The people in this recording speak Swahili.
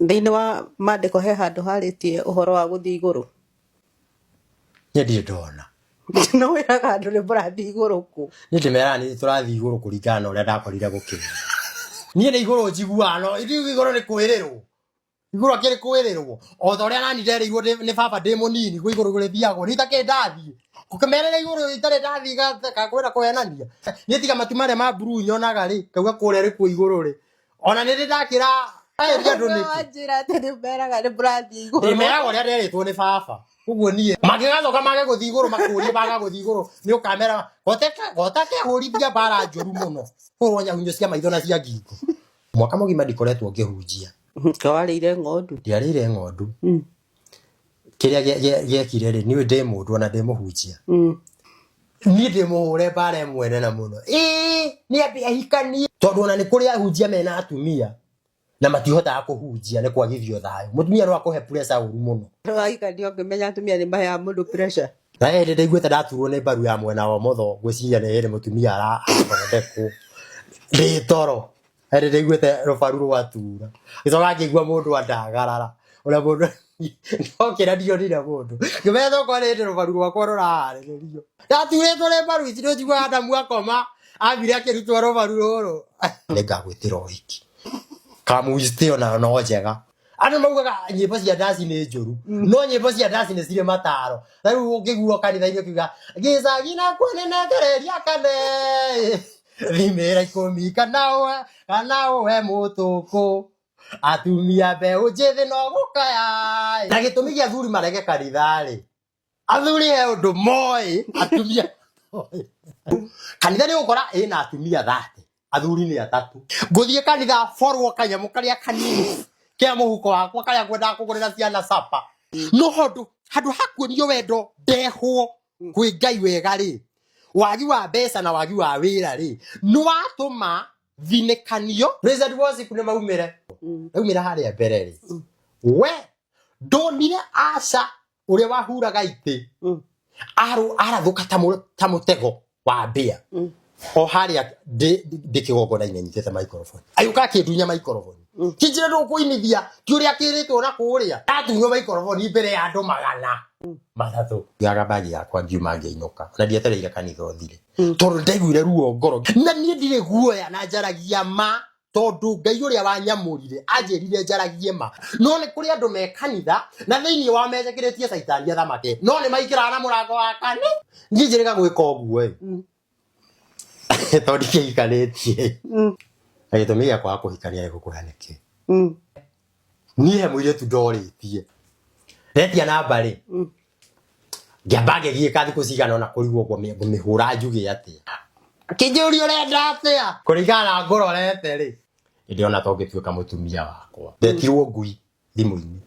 Thĩinĩ wa maandĩko he handũ harĩtie uhoro wa gũthiĩ igũrũ. niĩ ndirĩ ndona na wĩraga andũ nĩ mũrathiĩ igũrũ kũ nĩ ndĩmeraga nĩ tũrathiĩ igũrũ kũringana na ũrĩa ndakorire gũkĩra niĩ nĩ iguru njiguaga no ithiĩ igũrũ nĩ kwĩrĩrwo igũrũ akĩrĩ kwĩrĩrwo o ta ũrĩa nani nderĩirwo ni nĩ baba ndĩ mũnini gwĩ igũrũ gũrĩthiagwo rĩu itakĩrĩ ndathiĩ kũmeerera igũrũ itarĩ ndathiĩ ga- gakwĩra kũhenania tiga matu marĩa ma mburuu nyonaga rĩ ngauga kũrĩa rĩkuo igũrũ rĩ ona nĩ ndĩ aria andu njira ati ni baba uguo nie magigathoka mage guthii iguru makurie baga mwaka mugima ndikoretwo ngihunjia kawarĩire ng'ondu ndiarĩire ng'ondu hmm. kĩrĩa gĩekire rĩ niĩ ndĩ mũndũ ona ndĩ mũhunjia hmm. niĩ ndĩ mũhũre mbara ĩmwe nene mũno ĩĩ nĩ ambĩ ahikanie tondũ ona nĩ kũrĩ ahunjia mena atumia na matihotaga kuhunjia ni kwagithio thayo mutumia no akuhe pressure uru muno rwaikanio ngimenya atumia ni maheaga mundu pressure na ndaturwo nĩ mbaru ya mwena wa motho ngwĩciria nĩ hĩndĩ mũtumia arathondekwo ndĩ toro hĩndĩ ndaiguĩte rũbaru rwatura gĩcoka ngĩigua mũndũ andagarara ũrĩa mũndũ ndokĩra ndionire mũndũ ngĩmenya tokorwo nĩ hĩndĩ rũbaru rwakwa rũraharĩrĩrio ndaturĩtwo nĩ mbaru ici nĩũnjiguaga ndamu akoma ambire akĩrutwo rũbaru rũrũ nĩngagwĩtĩra hiki kamuiste ona no njega andu maugaga nyimbo cia ndaci nä njå no nyimbo cia ndaci nä cirä mataro na rä u å ngä guo kanitha-inä å kiuga gä cagi nakwa nä nengereria kane thimä ra ikå kana we må tå kå atumia mbeå njä thä no gå kaya na gä tå mi gä athuri marege kanitharä athuri he å ndå moä atumia kanitha nä gå kora ä na atumia thate athuri nä atatu ngå thiä kanitha forwo kanyamå karä a kanini kä a må huko wakwa karä a ngwendaga gå ra ciana sapa no hondå handå hakuonio wendo ndehwo hmm. kwä ngai wega rä wagi wa mbeca na wagi wa wä ra rä nä watå ma thinäkanio nä maumä re raumä re harä hmm. a mbere rä hmm. we ndonire aca å rä a wahuraga itä arathå ka ta må tego wa mbä a o haria de de kigogona ine nyitete microphone ayuka kidunya microphone mm. kijire ndo kuinithia kiuria kiritwo na kuria atunyo microphone ibere ya andu magana mm. matatå gaga mbagi yakwa ngiuma ngĩinũka na ndiatereire kanitha ũthire mm. tondũ ndaiguire ruo ngoro na niĩ ndirĩ guoya na njaragia ma tondå ngai å rä a wanyamå anjärire njaragie ma no nä kå rä andå me kanitha na thä iniä wa mejekä rä tie caitania thamake no nä maingä na må rango wa kani njä njä rä ga gwä ka å guo tondä kä ikarä tie mm. na gä tå mi gä akwaga kå hikania gä gå kå hane kä mm. niä he må irä tu ndorä tie retia nambarä mm. ngä amba ngä giä ka thikå cigana ona kå rigwo guo mä hå ra njugä atä a kä njä å ri å renda atä a kå ringana na ngå rorete rä ä ndä ona tongä tuä ka må tumia wakwa ndetirwo ngui thimå-inä